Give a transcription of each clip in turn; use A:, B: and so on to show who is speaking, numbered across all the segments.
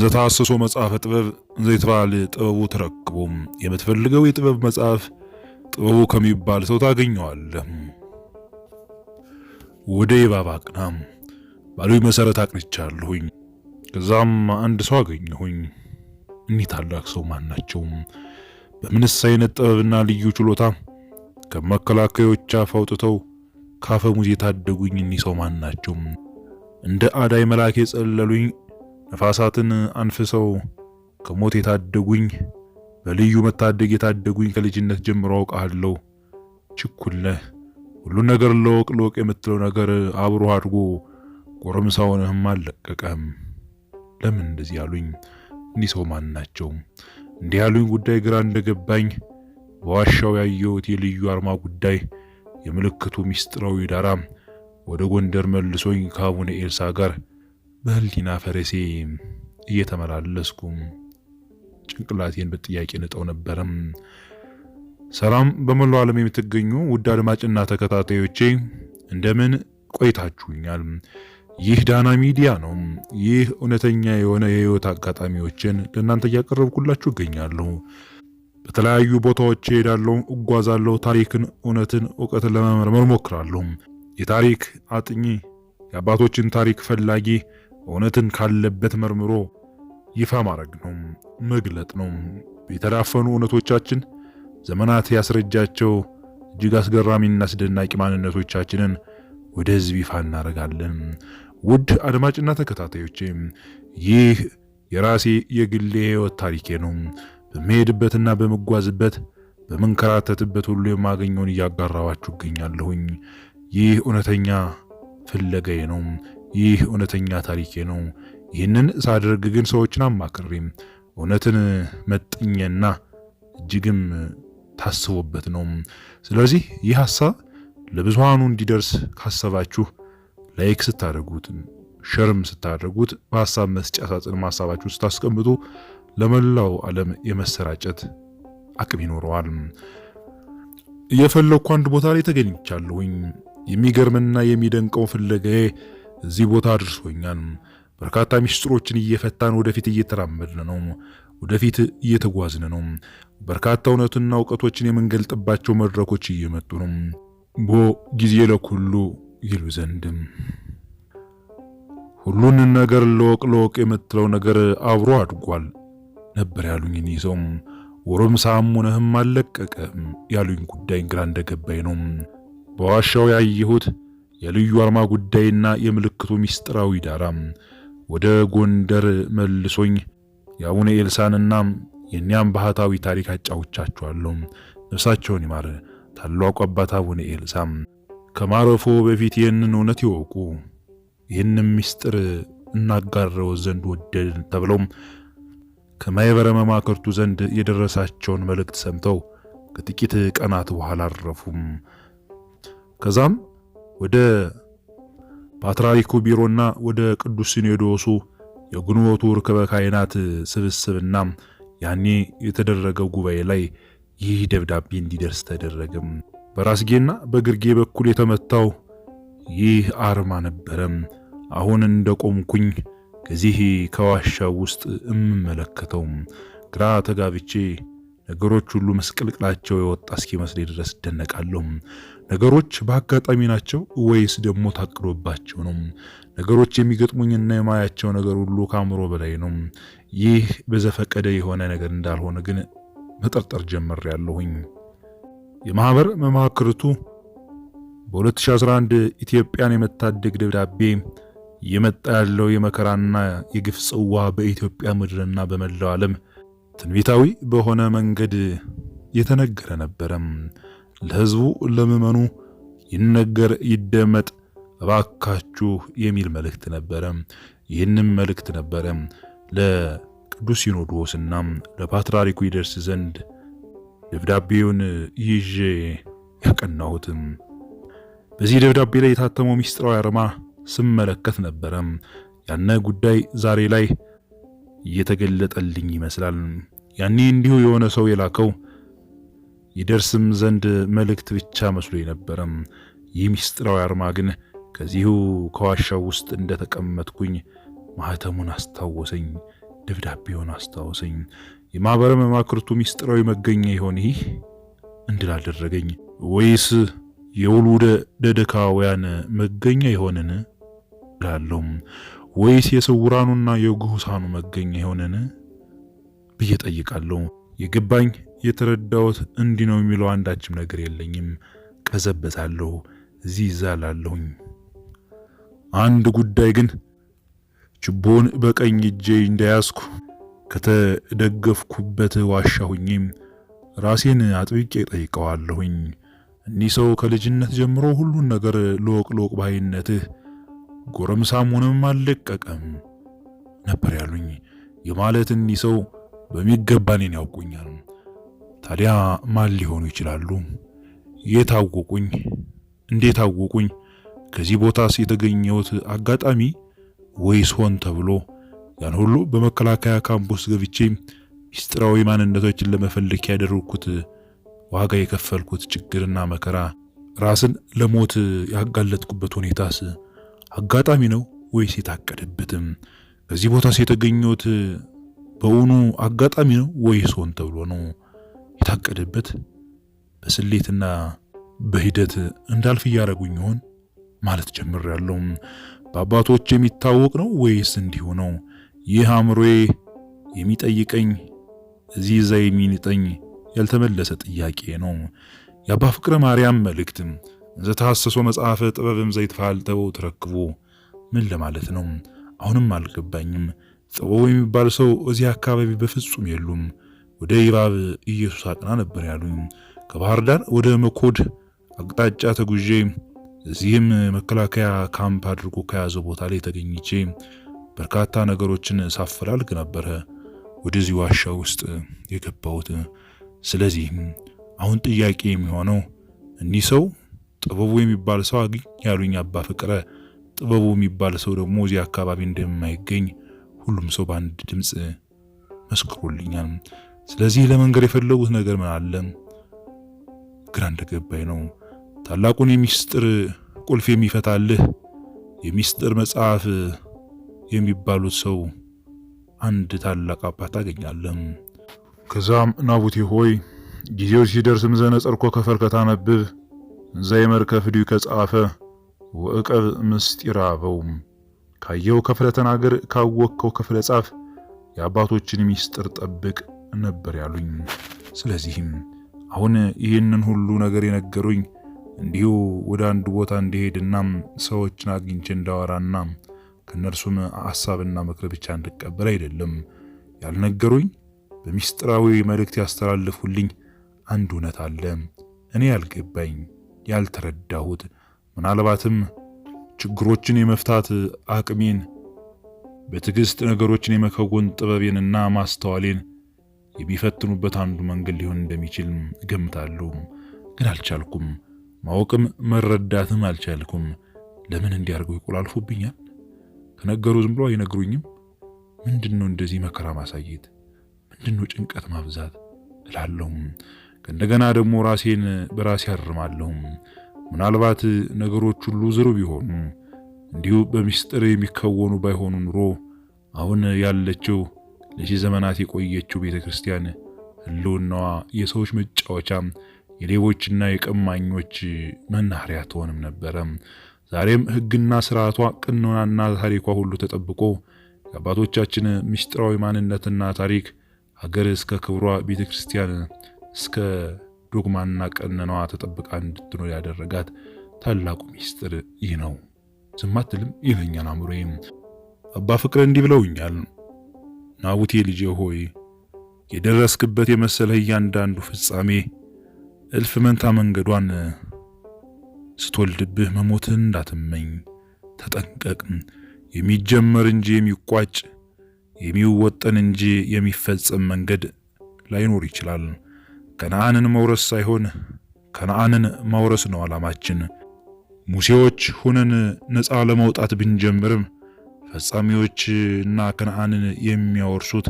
A: ዘታሰሶ መጽሐፈ ጥበብ ዘይትባል ጥበቡ ተረክቦ የምትፈልገው የጥበብ መጽሐፍ ጥበቡ ከሚባል ሰው ታገኘዋለህ። ወደ የባባ አቅናም ባሉኝ መሰረት አቅንቻለሁኝ። ከዛም አንድ ሰው አገኘሁኝ። እኒህ ታላቅ ሰው ማን ናቸው? በምንስ አይነት ጥበብና ልዩ ችሎታ ከመከላከዮች አፍ አውጥተው ካፈሙዝ የታደጉኝ እኒህ ሰው ማን ናቸው? እንደ አዳይ መልአክ የጸለሉኝ ነፋሳትን አንፍሰው ከሞት የታደጉኝ በልዩ መታደግ የታደጉኝ ከልጅነት ጀምሮ አውቃለሁ። ችኩለ ሁሉን ነገር ለወቅ ለወቅ የምትለው ነገር አብሮ አድጎ ጎረምሳውንህም አልለቀቀም። ለምን እንደዚህ ያሉኝ እኒህ ሰው ማን ናቸው? እንዲህ ያሉኝ ጉዳይ ግራ እንደገባኝ በዋሻው ያየሁት የልዩ አርማ ጉዳይ የምልክቱ ሚስጥራዊ ዳራ ወደ ጎንደር መልሶኝ ከአቡነ ኤልሳ ጋር በህሊና ፈረሴ እየተመላለስኩ ጭንቅላቴን በጥያቄ ንጠው ነበረም። ሰላም በመላው ዓለም የምትገኙ ውድ አድማጭና ተከታታዮቼ እንደምን ቆይታችሁኛል? ይህ ዳና ሚዲያ ነው። ይህ እውነተኛ የሆነ የህይወት አጋጣሚዎችን ለእናንተ እያቀረብኩላችሁ እገኛለሁ። በተለያዩ ቦታዎች እሄዳለሁ፣ እጓዛለሁ። ታሪክን፣ እውነትን፣ እውቀትን ለመመርመር ሞክራለሁ። የታሪክ አጥኚ፣ የአባቶችን ታሪክ ፈላጊ እውነትን ካለበት መርምሮ ይፋ ማድረግ ነው፣ መግለጥ ነው። የተዳፈኑ እውነቶቻችን ዘመናት ያስረጃቸው እጅግ አስገራሚና አስደናቂ ማንነቶቻችንን ወደ ህዝብ ይፋ እናደርጋለን። ውድ አድማጭና ተከታታዮቼ ይህ የራሴ የግሌ ህይወት ታሪኬ ነው። በመሄድበትና በመጓዝበት በመንከራተትበት ሁሉ የማገኘውን እያጋራባችሁ እገኛለሁኝ። ይህ እውነተኛ ፍለጋዬ ነው። ይህ እውነተኛ ታሪኬ ነው። ይህንን ሳደርግ ግን ሰዎችን አማክሬም እውነትን መጥኜና እጅግም ታስቦበት ነው። ስለዚህ ይህ ሀሳብ ለብዙሃኑ እንዲደርስ ካሰባችሁ ላይክ ስታደርጉት፣ ሸርም ስታደርጉት፣ በሀሳብ መስጫ ሳጥን ሀሳባችሁን ስታስቀምጡ ለመላው ዓለም የመሰራጨት አቅም ይኖረዋል። እየፈለግኩ አንድ ቦታ ላይ ተገኝቻለሁኝ። የሚገርምና የሚደንቀው ፍለጋዬ እዚህ ቦታ አድርሶኛል። በርካታ ሚስጥሮችን እየፈታን ወደፊት እየተራመድን ነው፣ ወደፊት እየተጓዝን ነው። በርካታ እውነትና እውቀቶችን የምንገልጥባቸው መድረኮች እየመጡ ነው። ቦ ጊዜ ለኩሉ ይሉ ዘንድም ሁሉን ነገር ለወቅ ለወቅ የምትለው ነገር አብሮ አድጓል ነበር ያሉኝ እኔ ሰው ወሮም ሳም ሆነህም አለቀቀም ያሉኝ ጉዳይ ግራ እንደገባኝ ነው። በዋሻው ያየሁት የልዩ አርማ ጉዳይና የምልክቱ ምስጢራዊ ዳራ ወደ ጎንደር መልሶኝ የአቡነ ኤልሳንና የኒያም ባህታዊ ታሪክ አጫውቻችኋለሁ። ነፍሳቸውን ይማር። ታላቁ አባት አቡነ ኤልሳ ከማረፎ በፊት ይህንን እውነት ይወቁ፣ ይህንም ምስጢር እናጋረው ዘንድ ወደድን ተብለው ከማይበረ መማክርቱ ዘንድ የደረሳቸውን መልእክት ሰምተው ከጥቂት ቀናት በኋላ አረፉም። ከዛም ወደ ፓትርያርኩ ቢሮና ወደ ቅዱስ ሲኖዶሱ የግንቦቱ ርክበ ካህናት ስብስብና ያኔ የተደረገው ጉባኤ ላይ ይህ ደብዳቤ እንዲደርስ ተደረገም። በራስጌና በግርጌ በኩል የተመታው ይህ አርማ ነበረም። አሁን እንደቆምኩኝ ከዚህ ከዋሻው ውስጥ እምመለከተው ግራ ተጋብቼ ነገሮች ሁሉ መስቀልቅላቸው የወጣ እስኪመስለኝ ድረስ እደነቃለሁ። ነገሮች በአጋጣሚ ናቸው ወይስ ደግሞ ታቅዶባቸው ነው? ነገሮች የሚገጥሙኝና የማያቸው ነገር ሁሉ ከአእምሮ በላይ ነው። ይህ በዘፈቀደ የሆነ ነገር እንዳልሆነ ግን መጠርጠር ያለሁኝ የማህበር መማክርቱ በ2011 ኢትዮጵያን የመታደግ ደብዳቤ እየመጣ ያለው የመከራና የግፍ ጽዋ በኢትዮጵያ ምድርና በመላው ዓለም ትንቢታዊ በሆነ መንገድ የተነገረ ነበረም። ለህዝቡ ለምዕመኑ ይነገር ይደመጥ እባካችሁ የሚል መልእክት ነበረ። ይህንም መልእክት ነበረ ለቅዱስ ሲኖዶስና ለፓትርያርኩ ይደርስ ዘንድ ደብዳቤውን ይዤ ያቀናሁትም። በዚህ ደብዳቤ ላይ የታተመው ሚስጥራዊ አርማ ስመለከት ነበረ። ያነ ጉዳይ ዛሬ ላይ እየተገለጠልኝ ይመስላል። ያኔ እንዲሁ የሆነ ሰው የላከው ይደርስም ዘንድ መልእክት ብቻ መስሎ ነበረም። ይህ ምስጢራዊ አርማ ግን ከዚሁ ከዋሻው ውስጥ እንደተቀመጥኩኝ ማህተሙን አስታወሰኝ፣ ደብዳቤውን አስታወሰኝ። የማኅበረ መማክርቱ ምስጢራዊ መገኛ ይሆን ይህ እንድል አደረገኝ ወይስ የውሉደ ደደካውያን መገኛ ይሆንን እላለሁም ወይስ የስውራኑና የጉሁሳኑ መገኛ ይሆንን ብዬ ጠይቃለሁ። የገባኝ የተረዳሁት እንዲህ ነው የሚለው አንዳችም ነገር የለኝም። ቀዘበታለሁ፣ እዚህ ይዛላለሁኝ። አንድ ጉዳይ ግን ችቦን በቀኝ እጄ እንዳያዝኩ ከተደገፍኩበት ዋሻ ሁኜም ራሴን አጥብቄ ጠይቀዋለሁኝ። እኒህ ሰው ከልጅነት ጀምሮ ሁሉን ነገር ሎቅ ሎቅ ባይነትህ ጎረምሳም ሆነም አልለቀቀም ነበር ያሉኝ የማለት እኒህ ሰው በሚገባ እኔን ያውቁኛል። ታዲያ ማን ሊሆኑ ይችላሉ? የት አወቁኝ? እንዴት አወቁኝ? ከዚህ ቦታስ የተገኘሁት አጋጣሚ ወይስ ሆን ተብሎ ያን ሁሉ በመከላከያ ካምፕ ውስጥ ገብቼ ሚስጥራዊ ማንነቶችን ለመፈለግ ያደረግኩት ዋጋ የከፈልኩት ችግርና መከራ ራስን ለሞት ያጋለጥኩበት ሁኔታስ አጋጣሚ ነው ወይስ የታቀደበትም? ከዚህ ቦታስ የተገኘሁት በውኑ አጋጣሚ ነው ወይስ ሆን ተብሎ ነው የታቀደበት? በስሌትና በሂደት እንዳልፍ እያደረጉኝ ይሆን ማለት ጀምር ያለው በአባቶች የሚታወቅ ነው ወይስ እንዲሁ ነው? ይህ አእምሮዬ የሚጠይቀኝ እዚህ እዛ የሚንጠኝ ያልተመለሰ ጥያቄ ነው። የአባ ፍቅረ ማርያም መልእክት ዘተሐሰሶ መጽሐፈ ጥበብም ዘይትፋል ተበው ተረክቦ ምን ለማለት ነው? አሁንም አልገባኝም። ጥበቡ የሚባል ሰው እዚህ አካባቢ በፍጹም የሉም። ወደ ይባብ ኢየሱስ አቅና ነበር ያሉኝ። ከባህር ዳር ወደ መኮድ አቅጣጫ ተጉዤ እዚህም መከላከያ ካምፕ አድርጎ ከያዘ ቦታ ላይ ተገኝቼ በርካታ ነገሮችን ሳፈላልግ ነበረ ወደዚህ ዋሻ ውስጥ የገባሁት። ስለዚህ አሁን ጥያቄ የሚሆነው እኒህ ሰው ጥበቡ የሚባል ሰው አግኝ ያሉኝ አባ ፍቅረ ጥበቡ የሚባል ሰው ደግሞ እዚህ አካባቢ እንደማይገኝ ሁሉም ሰው በአንድ ድምፅ መስክሮልኛል። ስለዚህ ለመንገር የፈለጉት ነገር ምን አለ ግራ እንደገባኝ ነው። ታላቁን የሚስጥር ቁልፍ የሚፈታልህ የሚስጥር መጽሐፍ የሚባሉት ሰው አንድ ታላቅ አባት ታገኛለህ። ከዛም ናቡቴ ሆይ ጊዜው ሲደርስ ምዘነ ጸርኮ ከፈር ከታነብብ ዘይመር ከፍዲው ከጻፈ ወእቀብ ምስጢራበው ካየው ከፍለ ተናገር፣ ካወቅከው ከፍለ ጻፍ፣ የአባቶችን ሚስጥር ጠብቅ ነበር ያሉኝ። ስለዚህም አሁን ይህንን ሁሉ ነገር የነገሩኝ እንዲሁ ወደ አንድ ቦታ እንዲሄድና ሰዎችን አግኝቼ እንዳወራና ከእነርሱም ሐሳብና ምክር ብቻ እንድቀበል አይደለም ያልነገሩኝ። በሚስጥራዊ መልእክት ያስተላልፉልኝ አንድ እውነት አለ እኔ ያልገባኝ ያልተረዳሁት ምናልባትም ችግሮችን የመፍታት አቅሜን፣ በትዕግስት ነገሮችን የመከወን ጥበቤንና ማስተዋሌን የሚፈትኑበት አንዱ መንገድ ሊሆን እንደሚችል እገምታለሁ። ግን አልቻልኩም። ማወቅም መረዳትም አልቻልኩም። ለምን እንዲያርገው ይቆላልፉብኛል? ከነገሩ ዝም ብሎ አይነግሩኝም። ምንድን ነው እንደዚህ መከራ ማሳየት? ምንድን ነው ጭንቀት ማብዛት እላለሁም። ከእንደገና ደግሞ ራሴን በራሴ አርማለሁም። ምናልባት ነገሮች ሁሉ ዝሩ ቢሆኑ እንዲሁ በሚስጥር የሚከወኑ ባይሆኑ ኑሮ አሁን ያለችው ለዚህ ዘመናት የቆየችው ቤተ ክርስቲያን ህልውናዋ የሰዎች መጫወቻ፣ የሌቦችና የቀማኞች መናኸሪያ ትሆንም ነበረ። ዛሬም ህግና ስርዓቷ፣ ቅኖናና ታሪኳ ሁሉ ተጠብቆ የአባቶቻችን ምስጢራዊ ማንነትና ታሪክ ሀገር እስከ ክብሯ ቤተ ክርስቲያን እስከ ዶግማና ቀኖናዋ ተጠብቃ እንድትኖር ያደረጋት ታላቁ ሚስጥር ይህ ነው። ዝም አትልም ይለኛል አእምሮዬም። አባ ፍቅረ እንዲህ ብለውኛል። ናቡቴ ልጄ ሆይ የደረስክበት የመሰለህ እያንዳንዱ ፍጻሜ እልፍ መንታ መንገዷን ስትወልድብህ መሞትን እንዳትመኝ ተጠንቀቅ። የሚጀመር እንጂ የሚቋጭ የሚወጠን እንጂ የሚፈጸም መንገድ ላይኖር ይችላል። ከነአንን መውረስ ሳይሆን ከነአንን ማውረስ ነው ዓላማችን። ሙሴዎች ሆነን ነፃ ለመውጣት ብንጀምርም ፈጻሚዎችና ከነአንን የሚያወርሱት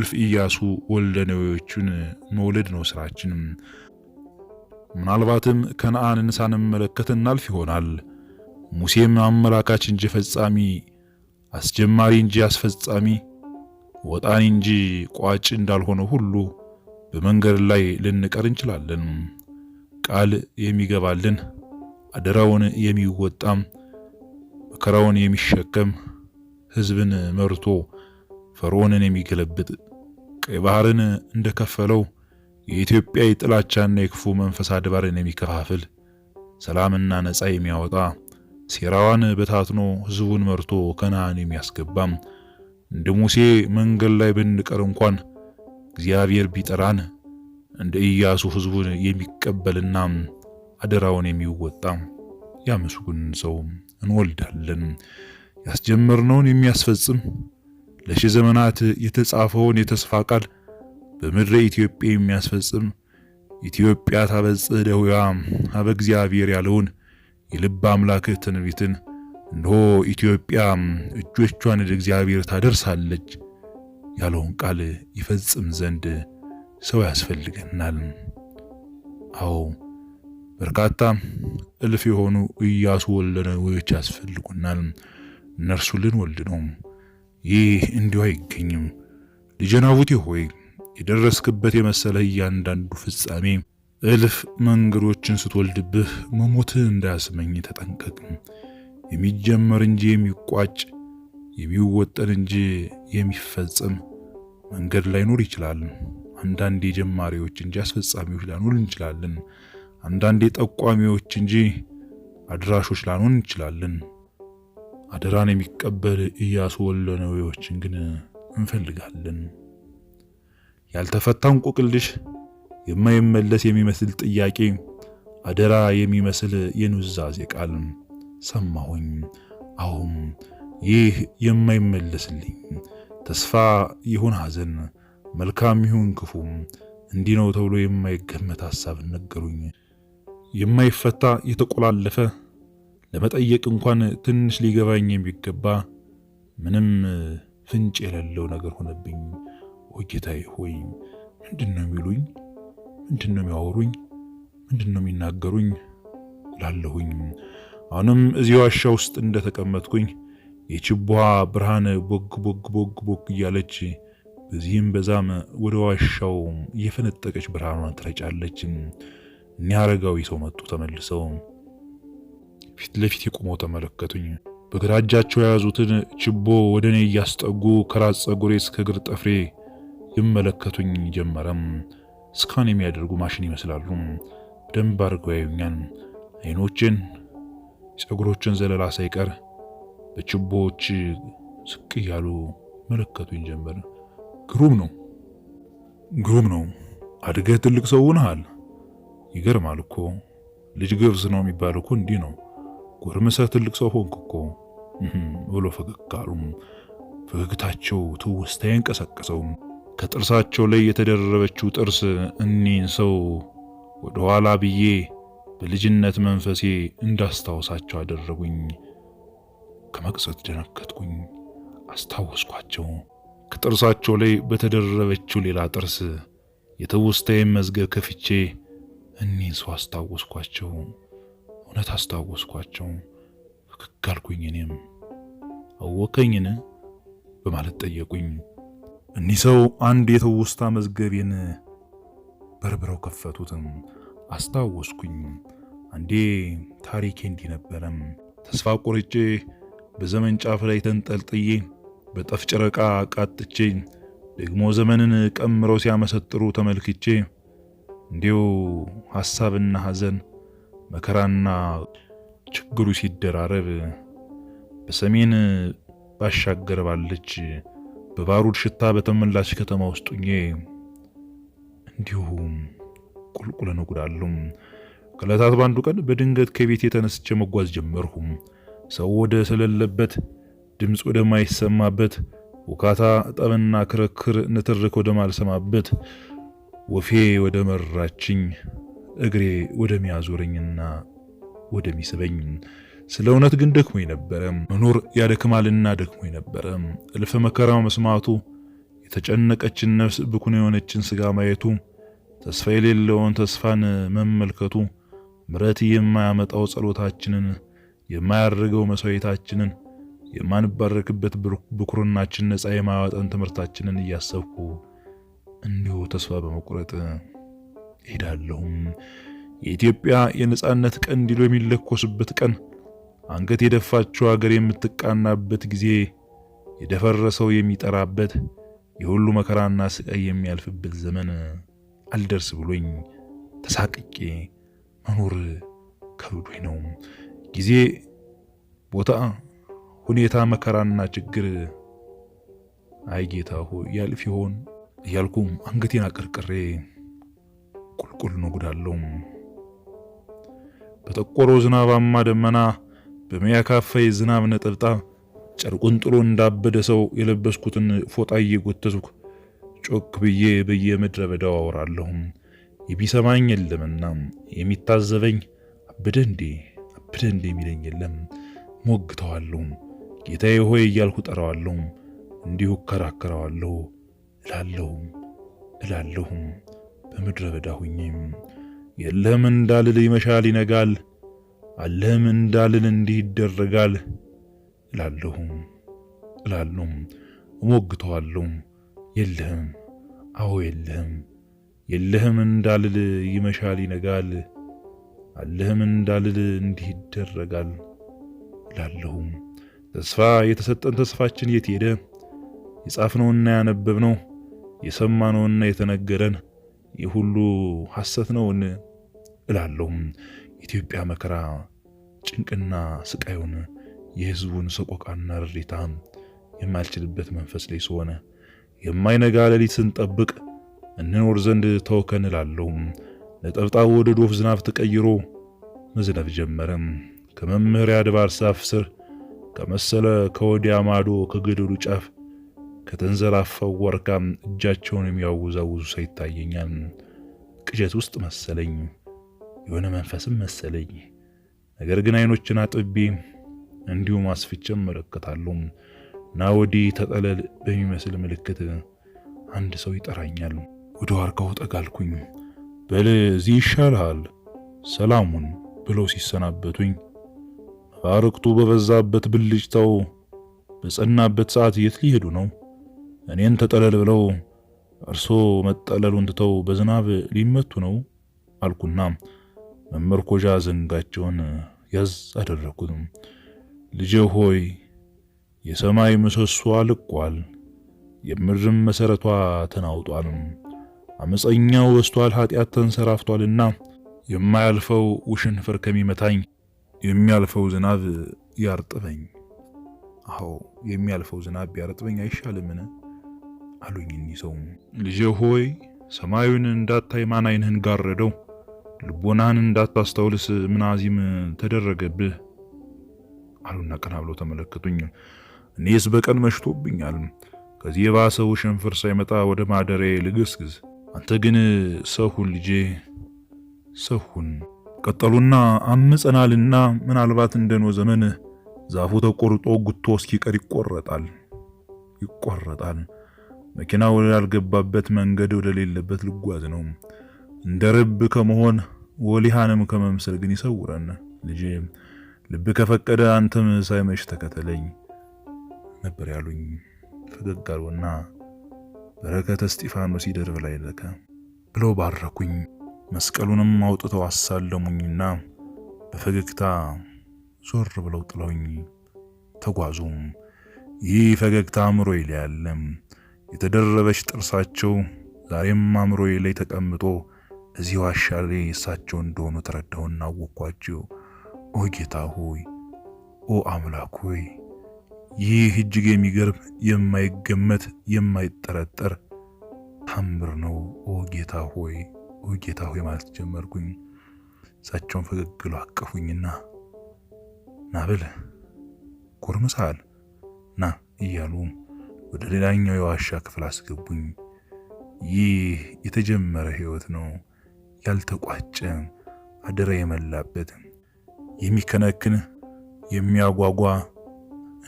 A: እልፍ ኢያሱ ወልደ ነዌዎቹን መውለድ ነው ስራችን ምናልባትም ከነአንን ሳንመለከት እናልፍ ይሆናል። ሙሴም አመላካች እንጂ ፈጻሚ፣ አስጀማሪ እንጂ አስፈጻሚ፣ ወጣኒ እንጂ ቋጭ እንዳልሆነ ሁሉ በመንገድ ላይ ልንቀር እንችላለን። ቃል የሚገባልን አደራውን የሚወጣም መከራውን የሚሸከም ሕዝብን መርቶ ፈርዖንን የሚገለብጥ ቀይ ባህርን እንደከፈለው የኢትዮጵያ የጥላቻና የክፉ መንፈስ አድባርን የሚከፋፍል ሰላምና ነጻ የሚያወጣ ሴራዋን በታትኖ ሕዝቡን መርቶ ከነዓን የሚያስገባም እንደ ሙሴ መንገድ ላይ ብንቀር እንኳን እግዚአብሔር ቢጠራን እንደ ኢያሱ ሕዝቡን የሚቀበልና አደራውን የሚወጣ ያመስጉን ሰው እንወልዳለን። ያስጀመርነውን የሚያስፈጽም ለሺ ዘመናት የተጻፈውን የተስፋ ቃል በምድረ ኢትዮጵያ የሚያስፈጽም ኢትዮጵያ ታበጽሕ ደውያ አበ እግዚአብሔር ያለውን የልብ አምላክህ ትንቢትን እንሆ ኢትዮጵያ እጆቿን ወደ እግዚአብሔር ታደርሳለች ያለውን ቃል ይፈጽም ዘንድ ሰው ያስፈልገናል። አዎ በርካታ እልፍ የሆኑ እያሱ ወልደ ነዌዎች ያስፈልጉናል። እነርሱ ልንወልድ ነው። ይህ እንዲሁ አይገኝም። ልጄ ናቡቴ ሆይ የደረስክበት የመሰለ እያንዳንዱ ፍጻሜ እልፍ መንገዶችን ስትወልድብህ መሞትህ እንዳያስመኝ ተጠንቀቅም። የሚጀመር እንጂ የሚቋጭ የሚወጠን እንጂ የሚፈጸም መንገድ ላይኖር ይችላል። አንዳንዴ ጀማሪዎች እንጂ አስፈጻሚዎች ላኖር እንችላለን። አንዳንዴ ጠቋሚዎች እንጂ አድራሾች ላኖር እንችላለን። አደራን የሚቀበል እያሱ ወልደ ነዌዎችን ግን እንፈልጋለን። ያልተፈታ እንቆቅልሽ፣ የማይመለስ የሚመስል ጥያቄ፣ አደራ የሚመስል የኑዛዜ ቃል ሰማሁኝ አሁን ይህ የማይመለስልኝ ተስፋ ይሁን ሐዘን፣ መልካም ይሁን ክፉ እንዲህ ነው ተብሎ የማይገመት ሐሳብ ነገሩኝ። የማይፈታ የተቆላለፈ ለመጠየቅ እንኳን ትንሽ ሊገባኝ የሚገባ ምንም ፍንጭ የሌለው ነገር ሆነብኝ። ወጌታዬ ሆይ ምንድን ነው የሚሉኝ? ምንድን ነው የሚያወሩኝ? ምንድን ነው የሚናገሩኝ? ላለሁኝ አሁንም እዚህ ዋሻ ውስጥ እንደተቀመጥኩኝ የችቧ ብርሃን ቦግ ቦግ ቦግ ቦግ እያለች በዚህም በዛም ወደ ዋሻው እየፈነጠቀች ብርሃኗን ትረጫለች። እኒያ አረጋዊ ሰው መጡ። ተመልሰው ፊት ለፊት የቆመው ተመለከቱኝ። በግራ እጃቸው የያዙትን ችቦ ወደ እኔ እያስጠጉ ከራስ ጸጉሬ እስከ እግር ጠፍሬ ይመለከቱኝ ጀመረም። እስካን የሚያደርጉ ማሽን ይመስላሉ። በደንብ አድርገው ያዩኛል። አይኖችን፣ ጸጉሮችን ዘለላ ሳይቀር በችቦዎች ስቅ እያሉ መለከቱኝ ጀመር። ግሩም ነው፣ ግሩም ነው። አድገህ ትልቅ ሰው ሆነሃል። ይገርማል እኮ ልጅ ገብስ ነው የሚባል እኮ እንዲህ ነው። ጎርምሰህ ትልቅ ሰው ሆንክ እኮ ብሎ ፈገግ አሉም። ፈገግታቸው ትውስታ ያንቀሳቀሰውም ከጥርሳቸው ላይ የተደረበችው ጥርስ እኔን ሰው ወደኋላ ብዬ በልጅነት መንፈሴ እንዳስታውሳቸው አደረጉኝ። ከመቅሰት ደነከትኩኝ። አስታወስኳቸው። ከጥርሳቸው ላይ በተደረበችው ሌላ ጥርስ የትውስታዬን መዝገብ ከፍቼ እኒህ ሰው አስታወስኳቸው። እውነት አስታወስኳቸው። ፈገግ አልኩኝ። እኔም አወከኝን በማለት ጠየቁኝ። እኒህ ሰው አንድ የትውስታ መዝገቤን በርብረው ከፈቱትም። አስታወስኩኝ። አንዴ ታሪኬ እንዲህ ነበረም። ተስፋ ቆርጬ በዘመን ጫፍ ላይ ተንጠልጥዬ በጠፍ ጨረቃ ቃጥቼ ደግሞ ዘመንን ቀምረው ሲያመሰጥሩ ተመልክቼ እንዲሁ ሐሳብና ሐዘን መከራና ችግሩ ሲደራረብ በሰሜን ባሻገር ባለች በባሩድ ሽታ በተሞላች ከተማ ውስጥ ሆኜ እንዲሁ ቁልቁለን እጉዳለሁ። ከዕለታት በአንዱ ቀን በድንገት ከቤት የተነስቼ መጓዝ ጀመርሁም። ሰው ወደ ስለሌለበት፣ ድምፅ ወደማይሰማበት፣ ውካታ፣ ጠብና ክርክር፣ ንትርክ ወደማልሰማበት፣ ወፌ ወደ መራችኝ፣ እግሬ ወደሚያዞረኝና ወደሚስበኝ ስለ እውነት ግን ደክሞ ነበረ። መኖር ያደክማልና ደክሞ ነበረ። እልፍ መከራ መስማቱ፣ የተጨነቀችን ነፍስ ብኩን የሆነችን ስጋ ማየቱ፣ ተስፋ የሌለውን ተስፋን መመልከቱ፣ ምረት የማያመጣው ጸሎታችንን የማያርገው መሥዋዕታችንን የማንባረክበት ብኩርናችን ነፃ የማያወጣን ትምህርታችንን እያሰብኩ እንዲሁ ተስፋ በመቁረጥ ሄዳለሁም። የኢትዮጵያ የነጻነት ቀንዲሉ የሚለኮስበት ቀን፣ አንገት የደፋችው ሀገር የምትቃናበት ጊዜ፣ የደፈረሰው የሚጠራበት፣ የሁሉ መከራና ስቃይ የሚያልፍበት ዘመን አልደርስ ብሎኝ ተሳቅቄ መኖር ከብዶኝ ነው። ጊዜ፣ ቦታ፣ ሁኔታ፣ መከራና ችግር አይ ጌታ ሆይ ያልፍ ይሆን እያልኩ አንገቴን አቀርቅሬ ቁልቁል ንጉዳለው። በጠቆረው ዝናባማ ደመና በሚያካፈይ ዝናብ ነጠብጣብ ጨርቁን ጥሎ እንዳበደ ሰው የለበስኩትን ፎጣ እየጎተትኩ ጮክ ብዬ በየምድረ በዳው አወራለሁ። የሚሰማኝ የለምና የሚታዘበኝ አበደ እንዴ? ብደንድ የሚለኝ የለም። ሞግተዋለሁ፣ ጌታዬ ሆይ እያልኩ ጠራዋለሁ፣ እንዲሁ እከራከረዋለሁ። እላለሁም እላለሁም በምድረ በዳ ሁኜም የለህም እንዳልል ይመሻል ይነጋል፣ አለህም እንዳልል እንዲህ ይደረጋል። እላለሁም እላለሁም እሞግተዋለሁ፣ የለህም አዎ የለህም የለህም እንዳልል ይመሻል ይነጋል አለህም እንዳልል እንዲህ ይደረጋል ላለሁም ተስፋ የተሰጠን ተስፋችን የት ሄደ? የጻፍነውና ያነበብነው የሰማነውና የተነገረን ይህ ሁሉ ሐሰት ነውን እላለሁም። ኢትዮጵያ መከራ ጭንቅና ስቃዩን የህዝቡን ሰቆቃና ርሪታ የማልችልበት መንፈስ ላይ ስሆነ የማይነጋ ሌሊት ስንጠብቅ እንኖር ዘንድ ተወከን እላለሁም። ነጠብጣቡ ወደ ዶፍ ዝናብ ተቀይሮ መዝነብ ጀመረም። ከመምህር አድባር ዛፍ ስር ከመሰለ ከወዲያ ማዶ ከገደሉ ጫፍ ከተንዘራፈው ዋርካ እጃቸውን የሚያወዛውዙ ሰው ይታየኛል። ቅዠት ውስጥ መሰለኝ፣ የሆነ መንፈስም መሰለኝ። ነገር ግን አይኖችን አጥቤ እንዲሁም አስፍቼ እመለከታለሁ። ና ወዲህ ተጠለል በሚመስል ምልክት አንድ ሰው ይጠራኛል። ወደ ዋርካው ጠጋልኩኝ። በለዚህ ይሻልሃል ሰላሙን ብለው ሲሰናበቱኝ መባረቅቱ በበዛበት ብልጭታው በጸናበት ሰዓት የት ሊሄዱ ነው? እኔን ተጠለል ብለው እርሶ መጠለሉን ትተው በዝናብ ሊመቱ ነው አልኩና መመርኮዣ ዘንጋቸውን ያዝ አደረኩትም። ልጄ ሆይ የሰማይ ምሰሶ አልቋል፣ የምድርም መሰረቷ ተናውጧልም። አመፀኛው በዝቷል፣ ኃጢአት ተንሰራፍቷልና የማያልፈው ውሽንፍር ከሚመታኝ የሚያልፈው ዝናብ ያርጥበኝ። አዎ የሚያልፈው ዝናብ ቢያርጥበኝ አይሻልምን አሉኝ እኒህ ልጄ ሆይ ሰማዩን እንዳታይ ማን ዓይንህን ጋረደው? ልቦናህን እንዳታስተውልስ ምን አዚም ተደረገብህ? አሉና ቀና ብለው ተመለከቱኝ። እኔስ በቀን መሽቶብኛል፣ ከዚህ የባሰው ሽንፍር ሳይመጣ ወደ ማደሬ ልግስግስ። አንተ ግን ሰሁን ልጄ ሰሁን። ቀጠሉና አምፀናልና ምናልባት እንደኖ ዘመን ዛፉ ተቆርጦ ጉቶ እስኪቀር ይቆረጣል ይቆረጣል። መኪና ወዳልገባበት መንገድ ወደሌለበት ልጓዝ ነው። እንደ ርብ ከመሆን ወሊሃንም ከመምሰል ግን ይሰውረን ልጄ። ልብ ከፈቀደ አንተም ሳይመሽ ተከተለኝ ነበር ያሉኝ ፈገግ አሉና በረከተ እስጢፋኖስ ይደርብ ላይ ለከ ብለው ባረኩኝ። መስቀሉንም አውጥተው አሳለሙኝና በፈገግታ ዞር ብለው ጥለውኝ ተጓዙ። ይህ ፈገግታ አምሮ ላይ የተደረበች ጥርሳቸው ዛሬም አእምሮዬ ላይ ተቀምጦ እዚህ ዋሻ ላይ እሳቸው እንደሆኑ ተረዳሁና አወቅኳቸው። ኦ ጌታ ሆይ፣ ኦ አምላክ ሆይ ይህ እጅግ የሚገርም የማይገመት የማይጠረጠር ታምር ነው። ኦ ጌታ ሆይ፣ ኦ ጌታ ሆይ ማለት ጀመርኩኝ። እሳቸውን ፈገግ ብለው አቀፉኝና ናብል ጎርምሳል ና እያሉ ወደ ሌላኛው የዋሻ ክፍል አስገቡኝ። ይህ የተጀመረ ህይወት ነው፣ ያልተቋጨ አደራ የመላበት የሚከነክን የሚያጓጓ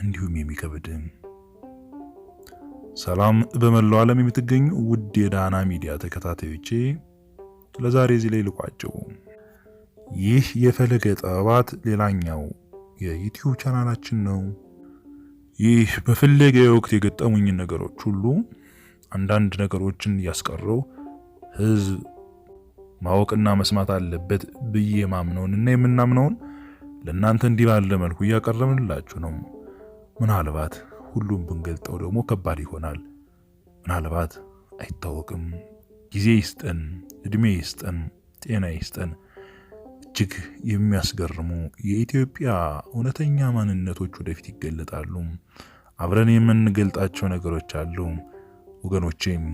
A: እንዲሁም የሚከብድን። ሰላም በመላው ዓለም የምትገኙ ውድ የዳና ሚዲያ ተከታታዮቼ ለዛሬ እዚህ ላይ ልቋጭው። ይህ የፈለገ ጥበባት ሌላኛው የዩቲዩብ ቻናላችን ነው። ይህ በፈለገ ወቅት የገጠሙኝን ነገሮች ሁሉ አንዳንድ ነገሮችን እያስቀረው ህዝብ ማወቅና መስማት አለበት ብዬ ማምነውን እና የምናምነውን ለእናንተ እንዲህ ባለ መልኩ እያቀረብንላችሁ ነው። ምናልባት ሁሉም ብንገልጠው ደግሞ ከባድ ይሆናል። ምናልባት አይታወቅም። ጊዜ ይስጠን፣ እድሜ ይስጠን፣ ጤና ይስጠን። እጅግ የሚያስገርሙ የኢትዮጵያ እውነተኛ ማንነቶች ወደፊት ይገለጣሉ። አብረን የምንገልጣቸው ነገሮች አሉ። ወገኖቼም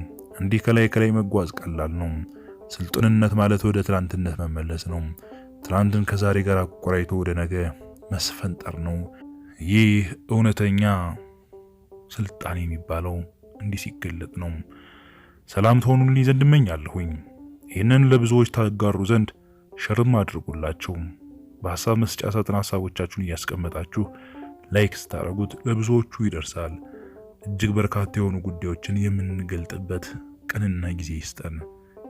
A: እንዲህ ከላይ ከላይ መጓዝ ቀላል ነው። ስልጡንነት ማለት ወደ ትላንትነት መመለስ ነው። ትላንትን ከዛሬ ጋር አቆራይቶ ወደ ነገ መስፈንጠር ነው። ይህ እውነተኛ ስልጣን የሚባለው እንዲህ ሲገለጥ ነው። ሰላም ትሆኑልኝ ዘንድ እመኛለሁኝ። ይህንን ለብዙዎች ታጋሩ ዘንድ ሸርም አድርጉላችሁ በሀሳብ መስጫ ሳጥን ሀሳቦቻችሁን እያስቀመጣችሁ ላይክ ስታደርጉት ለብዙዎቹ ይደርሳል። እጅግ በርካታ የሆኑ ጉዳዮችን የምንገልጥበት ቀንና ጊዜ ይስጠን።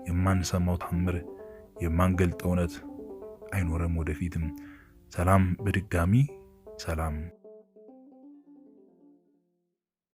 A: የማንሰማው ታምር፣ የማንገልጥ እውነት አይኖረም ወደፊትም። ሰላም በድጋሚ ሰላም